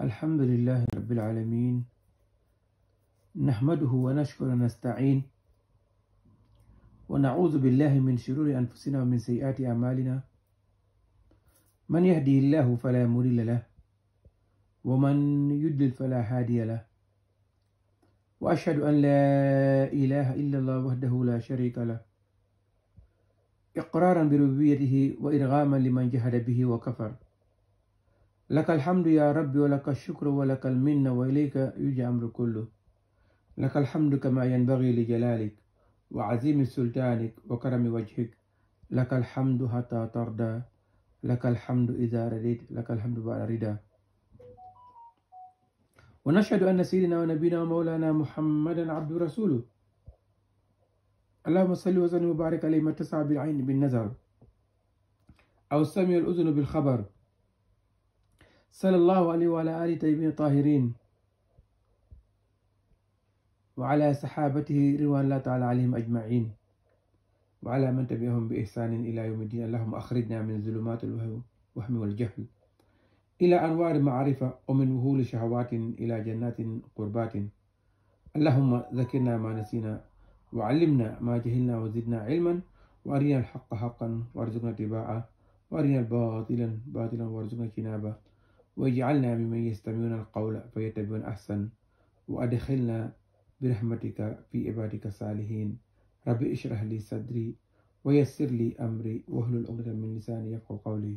الحمد لله رب العالمين نحمده ونشكر ونستعين ونعوذ بالله من شرور أنفسنا ومن سيئات أعمالنا من يهدي الله فلا مضل له ومن يضلل فلا هادي له وأشهد أن لا إله إلا الله وحده لا شريك له إقرارا بربوبيته وإرغاما لمن جهد به وكفر لك الحمد يا ربي ولك الشكر ولك المنة وإليك يجي أمر كله لك الحمد كما ينبغي لجلالك وعظيم سلطانك وكرم وجهك لك الحمد حتى ترضى لك الحمد إذا رديت لك الحمد بعد رضا ونشهد أن سيدنا ونبينا ومولانا محمدا عبد رسوله اللهم صل وسلم وبارك عليه ما تسعى بالعين بالنظر أو السمع الأذن بالخبر صلى الله عليه وعلى آله طيبين الطاهرين وعلى صحابته رضوان الله تعالى عليهم أجمعين وعلى من تبعهم بإحسان إلى يوم الدين اللهم أخرجنا من ظلمات الوهم والجهل إلى أنوار معرفة ومن وهول شهوات إلى جنات قربات اللهم ذكرنا ما نسينا وعلمنا ما جهلنا وزدنا علما وأرنا الحق حقا وارزقنا اتباعه وأرنا الباطلا باطلا وارزقنا اجتنابه واجعلنا ممن يستمعون القول فيتبعون أحسن وأدخلنا برحمتك في عبادك الصالحين ربي اشرح لي صدري ويسر لي أمري وهل الأمر من لساني يفقه قولي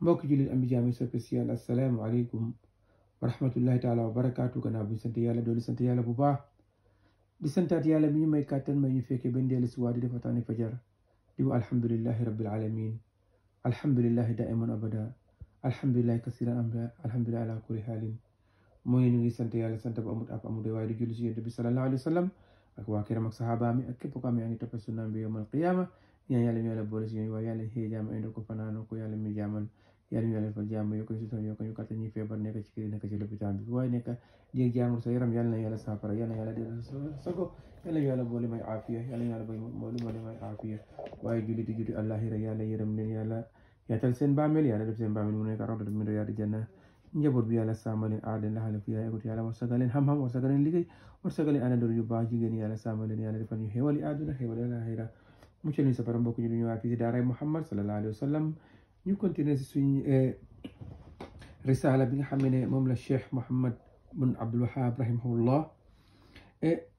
موك جل الأمي جامي سبسيال السلام عليكم ورحمة الله تعالى وبركاته كنا بي سنتي يالا دولي سنتي يالا بوبا دي سنتات يالا مي مي كاتن مي نفيكي بندي لسوادي دفتاني فجر ديو الحمد لله رب العالمين الحمد لله دائما أبداً alhamdulilah kasiran alhamdulilah ala kulli xaalin mooy ñu ngi sant yàlla sant bu amut ab amut waaye di julli si yonent bi sallallahu alayhi wa sallam ak waa këram ak saxaabaami ak képp ko am yaa ngi topp sunnaam bi yawmal qiyaama ñaan yàlla ñu yàlla boole si ñoom waaye yàlla xëy jaam indi ko fanaanoo ko yàlla mi jaaman yàlla ñu yàlla fa jaam yokk ñu sutura yokk ñu kàttan ñi feebar nekk ci kër nekk ci lopitaan bi waaye nekk jéeg jaamu sa yaram yàlla na yàlla saafara yàlla yàlla di sago yàlla ñu yàlla boole may aafiya yàlla ñu yàlla boole may aafiya waaye julli di julli àllaaxira yàlla yërëm leen yàlla yaatal seen bàmmeel yàlla def seen bàmmeel mu nekk rawdat min riyaadi janna njaboot bi yàlla sàmmaleen aar leen laxale ku yaay yàlla warsagaleen xam-xam warsagaleen liggéey warsagaleen àndandoor yu baax jigéen yàlla sàmmaleen yàlla defal ñu xéewali àdduna xéewali àllaaxira muccal ñu safara mbokk ñu ñu waa fii si daaray Muhammad sallallahu alayhi wa sallam ñu continuer si suñu risaala bi nga xam ne moom la Cheikh Muhammad bun Abdul Wahab rahimahullah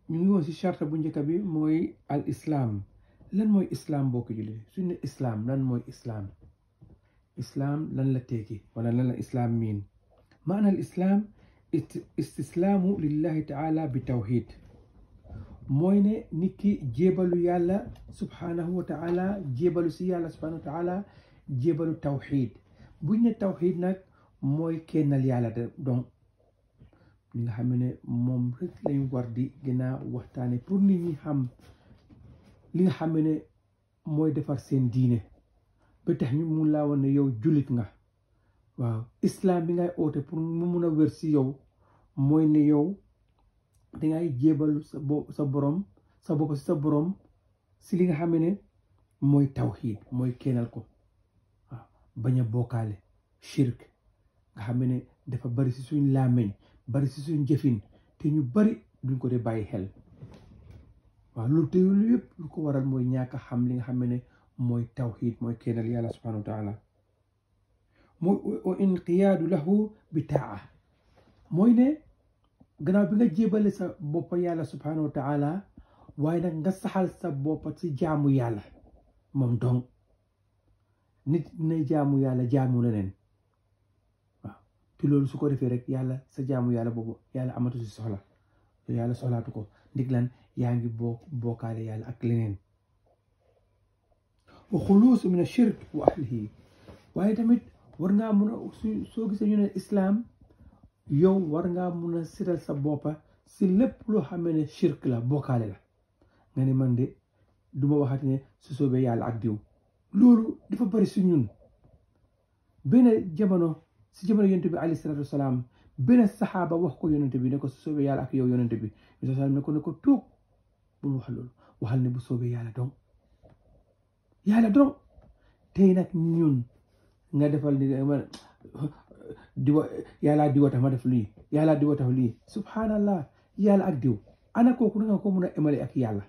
ñu ngi woon si charte bu njëkk bi mooy al islam lan mooy islam mbokk julli suñu islam lan mooy islam islaam lan la tekki wala lan la islaam miin maana al islaam istislaamu lillahi taala bi tawxid mooy ne nit ki jébalu yàlla subhaanahu wa taala jébalu si yàlla subhaanahu wa taala jébalu tawxid buñ ne tawxid nag mooy kennal yàlla de donc li nga xam ne moom rek lañ war di gën a waxtaane pour nit ñi xam li nga xam ne mooy defar seen diine ba tax ñu laa wan ne yow julit nga waaw islam bi ngay oote pour mu mun a wér si yow mooy ne yow dangay jéebal sa sa borom sa bopp si sa borom si li nga xam ne mooy tawxiid mooy kennal ko waaw bañ a bokkaale shirk nga xam ne dafa bari si suñ làmmiñ bari si suñ jëfin te ñu bari duñ ko dee bàyyi xel waaw loolu te yëpp lu ko waral mooy ñàkk xam li nga xam ne mooy tawxid mooy kennal yàlla subhanahu wa taala mooy wa inqiyaadu lahu bi taa mooy ne gannaaw bi nga jébale sa bopp yàlla subhanahu wa taala waaye nag nga saxal sa bopp si jaamu yàlla moom dong nit ne jaamu yàlla jaamu leneen waaw te loolu su ko defee rek yàlla sa jaamu yàlla boobu yàlla amatu si soxla yàlla soxlaatu ko ndig lan yaa ngi boo yàlla ak leneen wa xuluus min ashirk wa ahlihi waaye tamit war ngaa mun a soo gisee ñu ne islaam yow war ngaa mun a setal sa boppa si lépp loo xamee ne shirk la la nga ne man de du ma ne su soobee yàlla ak diw loolu dafa bari si ñun benn jamono si jamono yonent bi alayhi salaatu wasalaam benn saxaaba wax ko yonent bi ne ko su soobee ak yow yonent bi ne ko ne ko toog bul wax loolu waxal ne bu soobee yàlla donc yàlla doro tey nag ñun nga defal ni diwa yàlla diwa ma def lii yàlla diwa tax lii subhanallah yàlla ak diw ana kooku nga ko mun a emale ak yàlla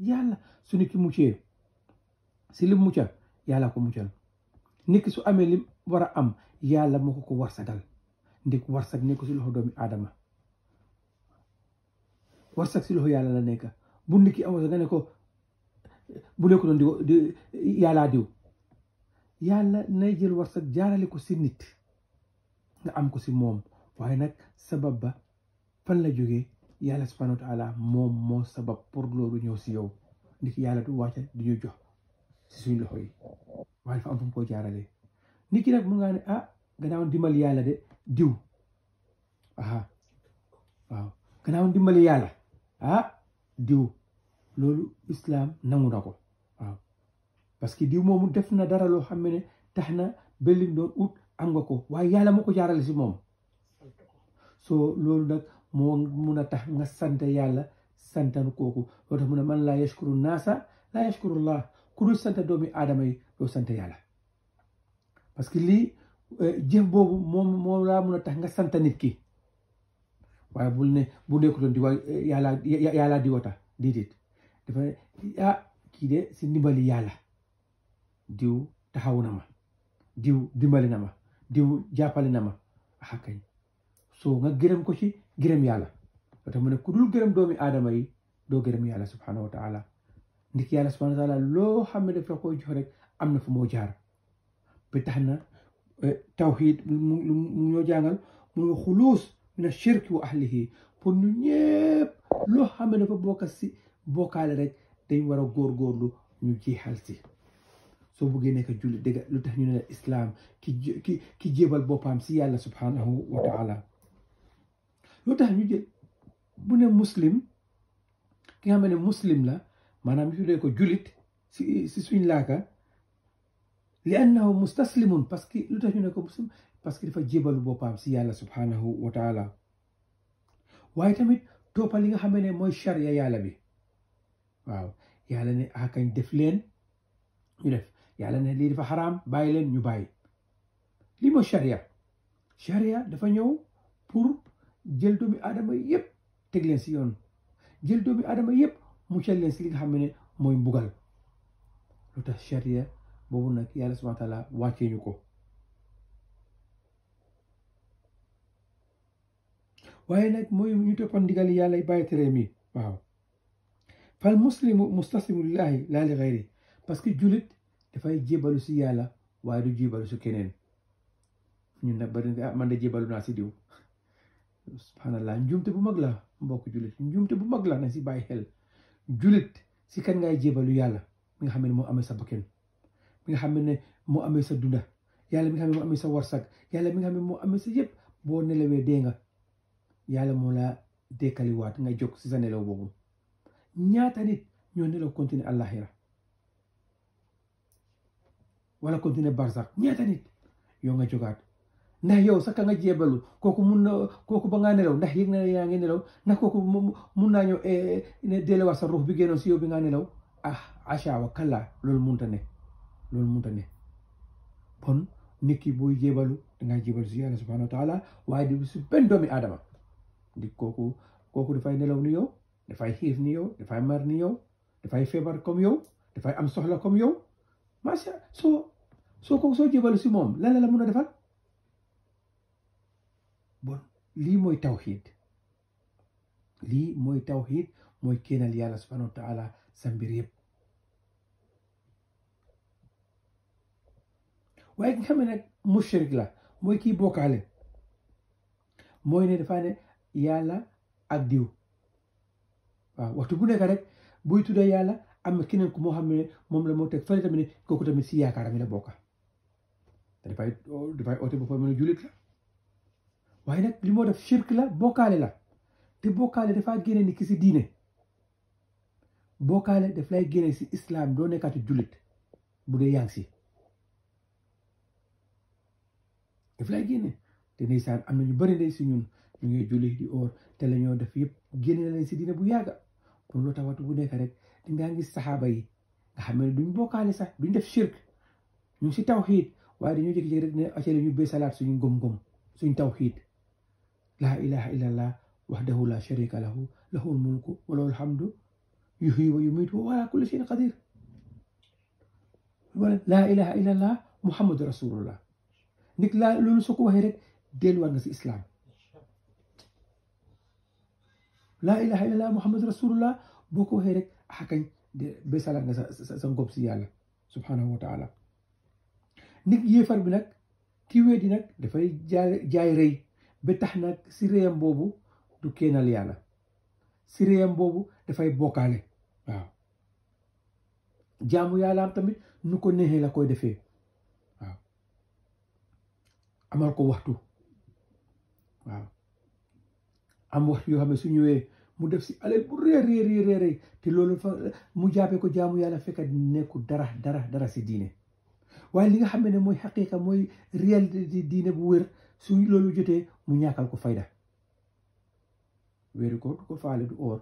yàlla su nit ki muccee si lim muccal yàlla ko muccal nit su amee lim war a am yàlla moo ko ko warsagal ndik warsag nekk si loxo doomi aadama warsag si loxo yàlla la nekk bu nit ki am nga ne ko bu leen ko doon di yàllaa diw yàlla nay jël war warsak jaarale ko si nit nga am ko si moom waaye nag sabab ba fan la jógee yàlla subhanahu wa taala moom moo sabab pour loolu ñëw si yow ndik yàlla du wàcca du ñu jox si suñ loxo yi waaye dafa am fu mu ko jaarale nit ki nag mu ngaa ne ah gannaaw dimbal yàlla de diw aha waaw gannaaw dimbali yàlla ah diw loolu islaam nangu na ko waaw parce que diw moomu def na dara loo xam ne tax na ba doon ut am nga ko waaye yàlla moo ko jaarale si moom soo loolu nag moo mun a tax nga sant yàlla santan kooku loolu tax mu ne man laa yashkuru naasa laa yashkuru llah ku sant doomi aadama yi doo sant yàlla parce que lii eh, jëf boobu moom moo laa mun a tax nga sant nit ki waaye bul ne bu nekkutoon di waa yàlla yàlla di dafa kii de si ndimbali yàlla diw taxaw na ma diw dimbali na ma diw jàppale na ma ah kay soo nga gërëm ko ci gërëm yàlla ba tax mu ne ku dul gërëm doomi aadama yi doo gërëm yàlla subhanahu wa taala yàlla subhanahu wa loo xam ne daf koy jox rek am na fu moo jaar ba tax na eh, tawxiid mu ñoo jàngal mu xuluus min ashirki wa ahlihi pour ñu ñëpp loo xam ne dafa si boo bokkaale rek dañ war a góorgóorlu ñu jeexal si soo buggee nekk julit dëgg lu tax ñu ne islaam ki ki boppam si yàlla subhanahu wa taala lu tax ñu jël bu ne muslim ki ne muslim la maanaam ñu ko jullit si si suñ laaka li annahu mustaslimun parce que lu tax ñu ne ko parce que dafa jébalu boppam si yàlla subhanahu wa taala waaye tamit toppal li nga xam ne mooy charia yàlla bi waaw yàlla ne akañ ah, def leen ñu def yàlla ne lii dafa xaram bàyyi leen ñu bàyyi lii mooy charia charia dafa ñëw pour jël doomi aadama yëpp teg leen si yoon jël doomi aadama yëpp muccal leen si li nga xam ne mooy mbugal lu tax charia boobu nag yàlla subhaana taala wàccee ñu ko waaye nag mooy ñu toppan ndigal yàlla bàyyi tere mi waaw fal muslimu mustaslimu lillahi laa li xayri parce que julit dafay jébalu si yàlla waaye du jébalu si keneen ñun nag bari ah, man de jébalu naa si diw subhanallah njumte bu mag la mbokk jullit njumte bu mag la nañ si bàyyi xel jullit si kan ngay jébalu yàlla mi nga xam ne moo amee sa bakkan mi nga xam ne moo amee sa dunda yàlla mi nga xam ne moo amee sa warsak yàlla mi nga xam ne moo amee sa yëpp boo nelawee dee nga yàlla moo la dekkaliwaat nga jóg si sa nelaw boobu ñaata nit ñoo nelaw continuer àllaaxira wala continuer barsax ñaata nit yow nga jogaat ndax yow sax ka nga jeebalu kooku mun na kooku ba nga nelaw ndax yëg na yaa ngi nelaw ndax kooku mun naa ñëw eh, delluwaat sa ruux bi génnoon si yow bi ngaa nelaw ah acha wa kalla loolu munta ne loolu munta ne bon nit ki booy jeebalu dangaa jeebalu si yàlla subhanahu wa waaye di si benn doomi aadama di kooku kooku dafay nelaw ni yow dafay xiif ni yow dafay mar ni yow dafay feebar comme yow dafay am soxla comme yow macha soo soo ko soo jébalu si moom lan la la mun a defal bon lii mooy tawxiid lii mooy tawxiid mooy kéenal yàlla subhanahu wa taala mbir yëpp waaye nga xam ne la mooy kii bokkaale mooy ne dafa ne yàlla ak diw waaw waxtu bu nekk rek buy tudda yàlla am na keneen ku moo xam ne moom la moo teg fële tamit ne kooku tamit si yaakaaram yi la bokka te dafay dafay oote boppam ne jullit la waaye nag li moo def shirk la bokkaale la te bokkaale dafaa génne ni ki si diine bokkaale daf lay si islam doo nekkaati jullit bu dee yaa si daf lay génne te ndeysaan am na ñu bari ndey si ñun ñu ngi julli di oor te la ñoo def yëpp génne na leen si diine bu yàgga kon loo tax waxtu bu nekk rek di ngaa gis saxaaba yi nga xam ne duñ bokkaale sax duñ def shirk ñu si tawxiid waaye dañoo jékki-jékki rek ne acale ñu béy salaat suñu ngëm-ngëm suñ tawxiid la ilaha illallah wahdahu la sharika lahu lahul mulku wa lahul hamdu yuhyi wa yumiitu wa ala kulli shay'in qadir laa ilaha illallah muhammadu rasulullah nit laa loolu soo ko waxee rek delluwaat nga si islam laa ilaha illallah muhammad rasulullah boo ko waxee rek xakañ ah de salaat nga sa sa yàlla subhanahu wa taala nit yéefar bi nag ki wéet yi nag dafay jaay jaay rëy tax nag si réyam boobu du kéenal yàlla si réyam boobu dafay bokkaale jaamu yàlla am tamit nu ko neexee la koy defee waaw ko waxtu waaw am wax yoo xam ne su ñëwee mu def si alal bu réer réer te loolu fa mu jaabe ko jaamu yàlla fekk nekku dara dara dara si diine waaye li nga xam ne mooy xaqiqa mooy réalité diine bu wér su loolu jotee mu ñàkkal ko fayda wéeru ko du ko faale du oor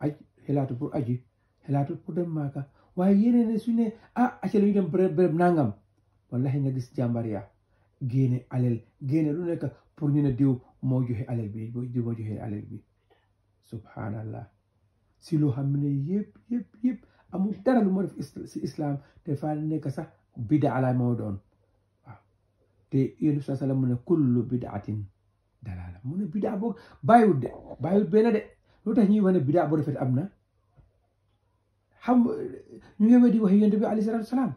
aj xelaatu pour aji xelaatu pour dem maaka waaye yeneen ne su ne ah acca la ñu dem bërëb bërëb nangam wallahi nga gis jàmbar yaa génne alal génne lu nekk pour ñu ne diw moo joxe alal bi di moo joxe alal bi si loo xam ne yëpp yëpp yëpp amul dara lu moo def si te faa nekk sax bidaa la moo doon waaw te yéen saa salaam mu ne kullu bidaatin dalaala mu ne bidaa boog bàyyiwul de bàyyiwul benn de lu tax ñuy wax bidaa bu rafet am na xam ñu ngi di wax yonent bi alayhi salaatu salaam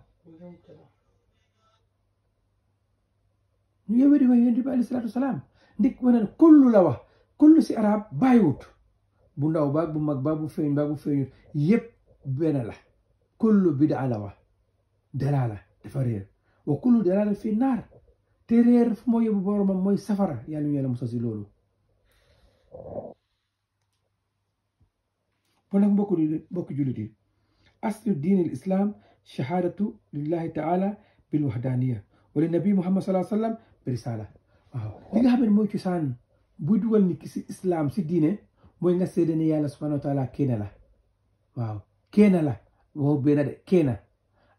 ñu ngi di wax yonent bi alayhi salaam ديك ونن كل لوا كل سيراب بايوت بنداو باب بمك باب فين باب فين يب بنا لا كل بدع لوا دلالة تفرير وكل دلالة في النار ترير في موي ببور من موي سفر يعني يعني مسازي لولو ولكن بوكو جولدي أصل الدين الإسلام شهادة لله تعالى بالوحدانية وللنبي محمد صلى الله عليه وسلم برسالة waaw li nga xam ne mooy cosaan buy dugal nit ki si islaam si diine mooy nga seede ne yàlla subhanahu wa taala kenn la waaw kenn la waaw benn de kenn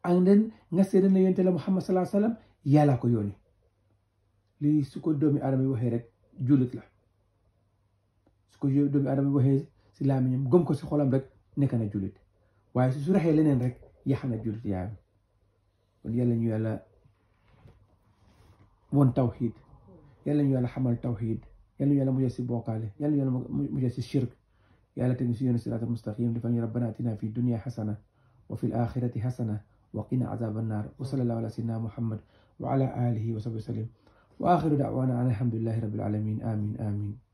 and then nga seede ne yonte la muhammad salaa sallam yàlla ko yónni lii su ko doomi aadama waxee rek jullit la su ko doomi aadama yi waxee si ko si xolam rek nekk na jullit waaye su su raxee leneen rek yax na jullit yaayam yàlla ñu yàlla woon tawxiid يالا نيو يالا توحيد يالا نيو يالا مجيسي بوكالي يالا نيو يالا مجيسي شرك يالا تي المستقيم دفاني ربنا اتنا في الدنيا حسنه وفي الاخره حسنه وقنا عذاب النار وصلى الله على سيدنا محمد وعلى اله وصحبه وسلم واخر دعوانا ان الحمد لله رب العالمين امين امين